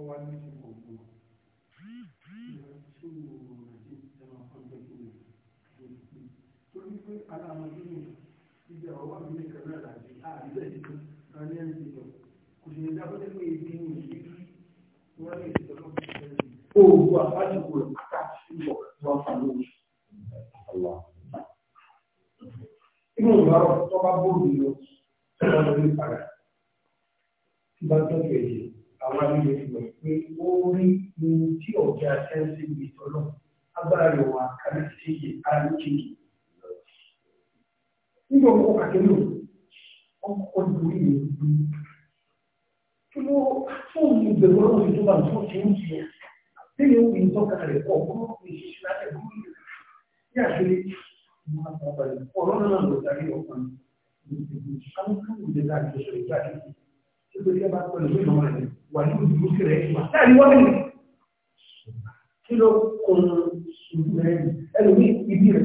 o o ọwọ́ ní ṣe gbogbo torí pé alámọ̀tí ni ìjà ọwọ́ mi ní kan náà láti àríwẹ̀ nìkan náà ní ẹ̀ǹtì lọ kò sì ní dábọ́ tẹ́lẹ̀ èdè ní ìlú wọ́n lè ṣe lọ́wọ́ sí ẹ̀rọ òògùn àbájúwò àtàkì ìwọ̀ wọn fà lóòjì. inú ìbára tó bá bóòlù lọ tó bá lórí padà bá tọ́jú ẹ̀jẹ̀ àwọn àbíyẹ̀ pé ó rí ohun tí ọ̀gá ẹ̀sìn ìgbè tọ́lọ̀ agbára rẹ̀ wà kárí sí àríkèké. nígbà ọkọ̀ kàkẹ́lò ọkọ̀ ìlú ìlú ìlú kí ló fún ìgbèrú ọlọ́run ìjọba tó ti ń jẹ lẹ́yìn ohun ìtọ́ka rẹ̀ pọ̀ fún ìṣiṣẹ́ láti ẹ̀kọ́ ní àṣírí ọlọ́run náà lọ darí ọkùnrin àwọn kan ìdílé àti ìṣòro ìjáde nítorí ẹ bá pẹ̀lú pé màmá rẹ̀ wà ní ìlú sí rẹ̀ wà láàrin wọ́n ní kí ló kún ìlú rẹ̀ ẹnu ní ibi rẹ̀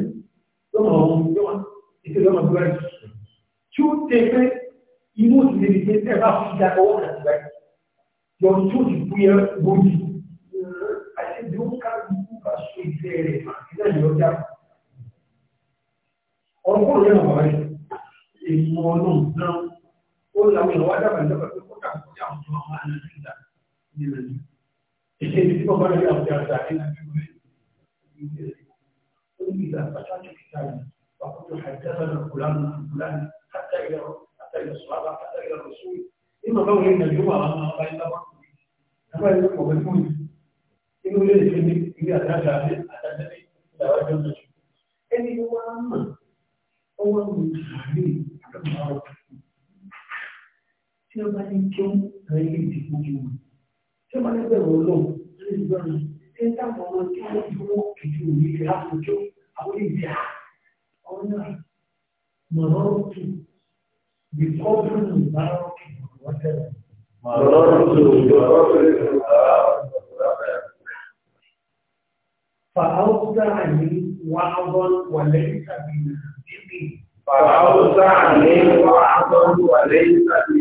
ló mọ̀ ọ́n yóò wá ètò ìlú ọmọ ìlú rẹ̀ tí ó tẹ pé inú òsì lè dìde tẹ́ bá fi da ọwọ́ àti rẹ̀ yọ tí ó ti bú yẹ bójú àti ọlọ́run náà ó làwọn èèyàn wá dábàá إذا فتحت كتابي وقلت حدثنا فلان عن فلان حتى إلى حتى إلى الصحابة حتى إلى الرسول إما قول إن الجمعة أما بين أما يقوم بالمؤمن إنه ليس مني إذا رجع حتى النبي إلى وجه النجم إني هو أما هو من حبيب حتى tí wọ́n bá ní kí ó rẹ̀ lè di gbogbo wọn. tí wọ́n bá ní bẹ̀rù ọlọ́run lórí ìgbọ́ràn tí ń tàbí ọmọ tí wọ́n ti wọ́n kìjú òní rẹ̀ láfojú àwọn ìdí à ọ̀nà mọ̀lọ́rùtù bí kọ́bùrù mọ̀lọ́rùtù wọ́tẹ̀rẹ̀. mọ̀lọ́rùtù lọ́rùtù فأوسع لي وعظا وليس بنهجي فأوسع لي وعظا وليس بنهجي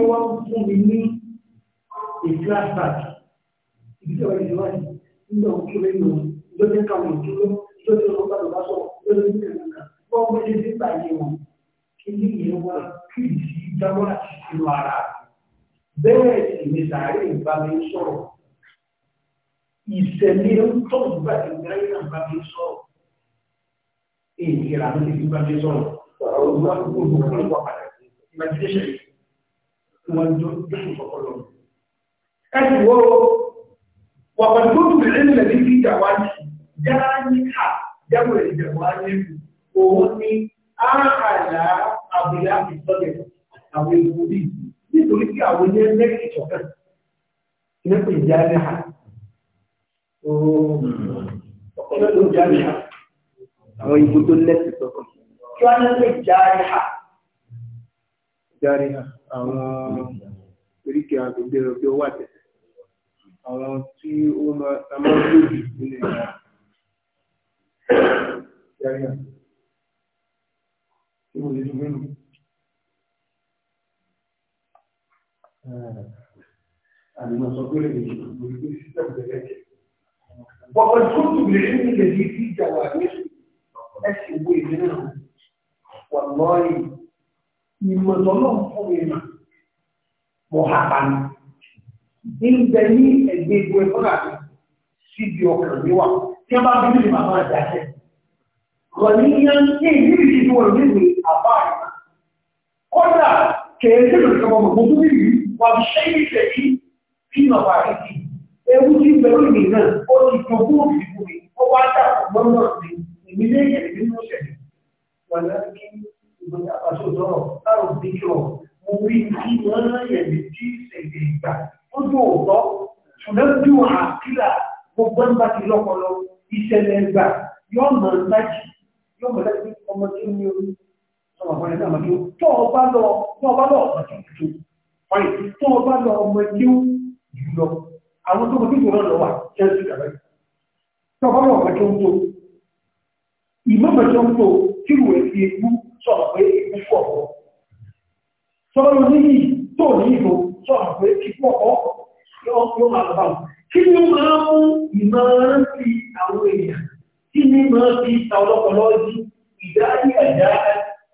yẹn wá fún mi ní ìflashback ibi tí ọ̀rẹ́ ìwà yìí nígbà òkú rẹ̀ lò lọ́jọ́ káwọn ìdúró lọ́jọ́ ọgbà tó bá sọ̀rọ̀ lọ́jọ́ ní kẹ̀kẹ́ wọ́n wọ́n ṣe nígbà yẹn wọn kí ní ìyẹn wá kí ìsì jábọ́ láti sínú ara bẹ́ẹ̀ sì ni sàárè ìgbà mi sọ̀rọ̀ ìṣẹ̀lẹ̀ ń tọ́ ìgbà ìgbà ìgbà mi sọ̀rọ̀ èyí ìlànà ìgbà mi sọ̀rọ̀ ọ̀rọ̀ ìgbà mi sọ̀rọ̀ wọ́n jọ jésù sọ́kọ́lọ́ ẹni wo wọ̀pọ̀ tó tù lè lè ní bí ìjà wáyé jáà ní ká jáwé ìjà wáyé òun ni àhàlà àbúlá ìtọ́lẹ̀ àwọn èèyàn bí nítorí pé àwọn ilé ẹgbẹ́ ìṣọ̀kan nípa ìjà ẹgbẹ́ ha ọ̀pọ̀lọpọ̀ ìjà ẹgbẹ́ ha àwọn ìbò tó lẹ́sìn sọ́kọ̀ kí wọ́n lè ìjà ha járe àwọn oríkè agbègbè ọjọ́ wà tẹ̀sẹ̀ àwọn tí ó máa ń lòdì nínú ìlà járe tí mo lè dúró nù. Àdìmọ̀ sọ pé lè dè jù lórí pé sísẹ́ ìbẹ̀rẹ̀ jẹ. Wọ́n tún tún lè ní ilẹ̀ yìí sí ìjà wà ní ẹ̀sìn ìwé ìdílé náà. Wàlọ́ọ̀yì ìmọ̀tọ́lọ́ fún ìmọ̀ mọ̀hábàní. Ìgbẹ̀ ní ẹgbẹ́ ìgbò ẹ̀fọ́nà síbi ọkàn níwà tí a bá bí ní màmá àjáṣẹ́. Rọ̀níyàn ní ìlú ìṣẹ́jú wọn nílùú àbá àìmá. Kọ́dà kẹ̀ẹ́sẹ̀ lọ sí ọmọ gbogbo nílùú wà bí ṣẹ́ ìṣẹ́ kí kí nà bá rí sí. Ewu tí bẹ̀rù mi náà ó ti jogún òfin lọ́pọlọ ìṣẹ̀lẹ̀ ẹgbà yóò mọ̀ láti yóò ní orí sọ́wọ́n ní yìí ní ìbò sọ̀rọ̀ pé kíkú ọ̀pọ̀ yóò máa lọ báwọn kí ni máa mú ìmọ̀ràn sí àwọn èèyàn kí ni máa fi ta ọlọ́pọ̀lọ́ sí ìdáyé ẹ̀dá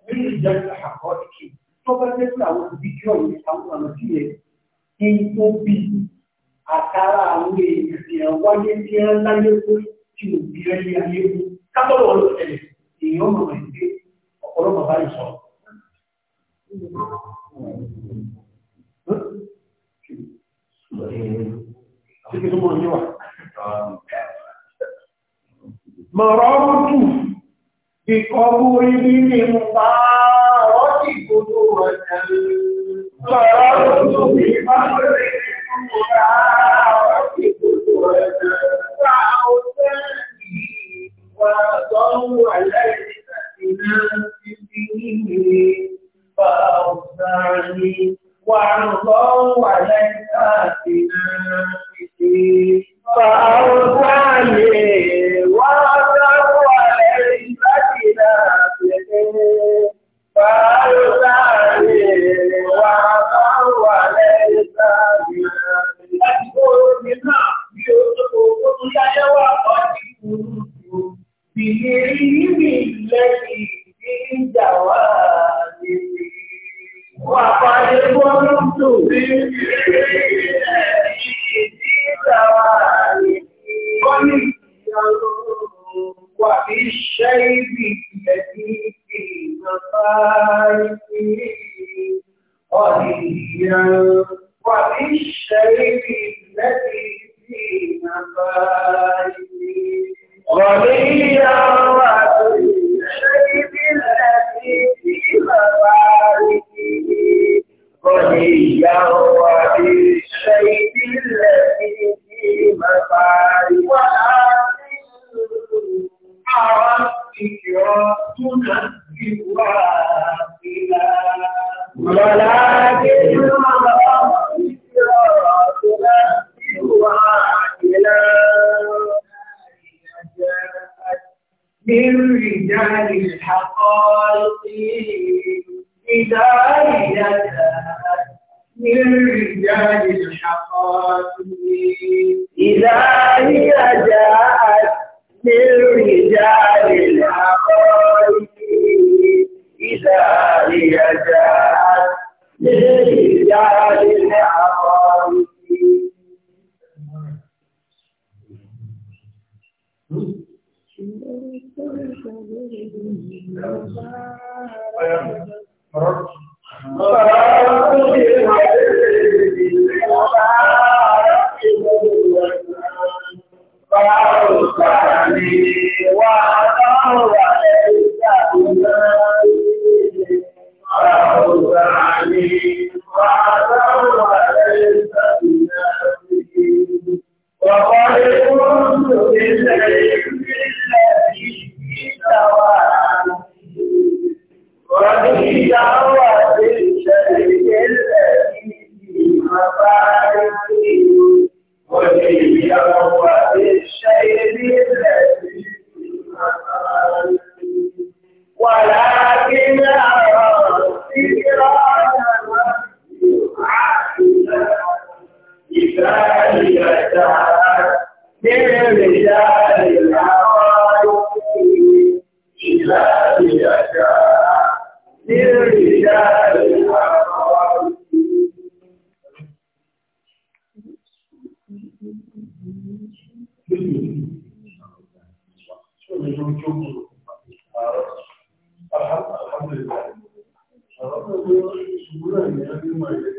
nínú ìjáde àkọ́ ìkè tó bá jẹ́ pé àwọn fídíò yìí àwọn ọ̀nà sí ẹ̀ kí n tó bí àtàrà àwọn èèyàn èèyàn wáyé tí ẹ ń láyé kó tí ò bí ẹyẹ ayé kó kábọ̀lọ̀ ló tẹ̀lé èèyàn mọ̀ ẹ̀ pé ọ̀pọ̀lọpọ̀ báyìí sọ. Thank you síbi tó mọ̀ níwà. Mọ̀rọ́rùtù bí ọgbó ibi ní mbà rọ́tì gbogbo ọ̀nà mọ̀rọ́rùtù bí ọgbó ibi ní mbà rọ́tì gbogbo ọ̀nà wà ó tẹ́ وقد كنت في وفي الشيب الذي في مصائبه قليلا وفي الشيب الجبار ولكن عرفتك تنزه واقلا ولكن عرفتك تنزه واقلا من رجال الحقائق بداية من رجال الحقائق إذا هي جاءت للرجال العقائد إذا هي جاءت للرجال العقائد Oh, Right.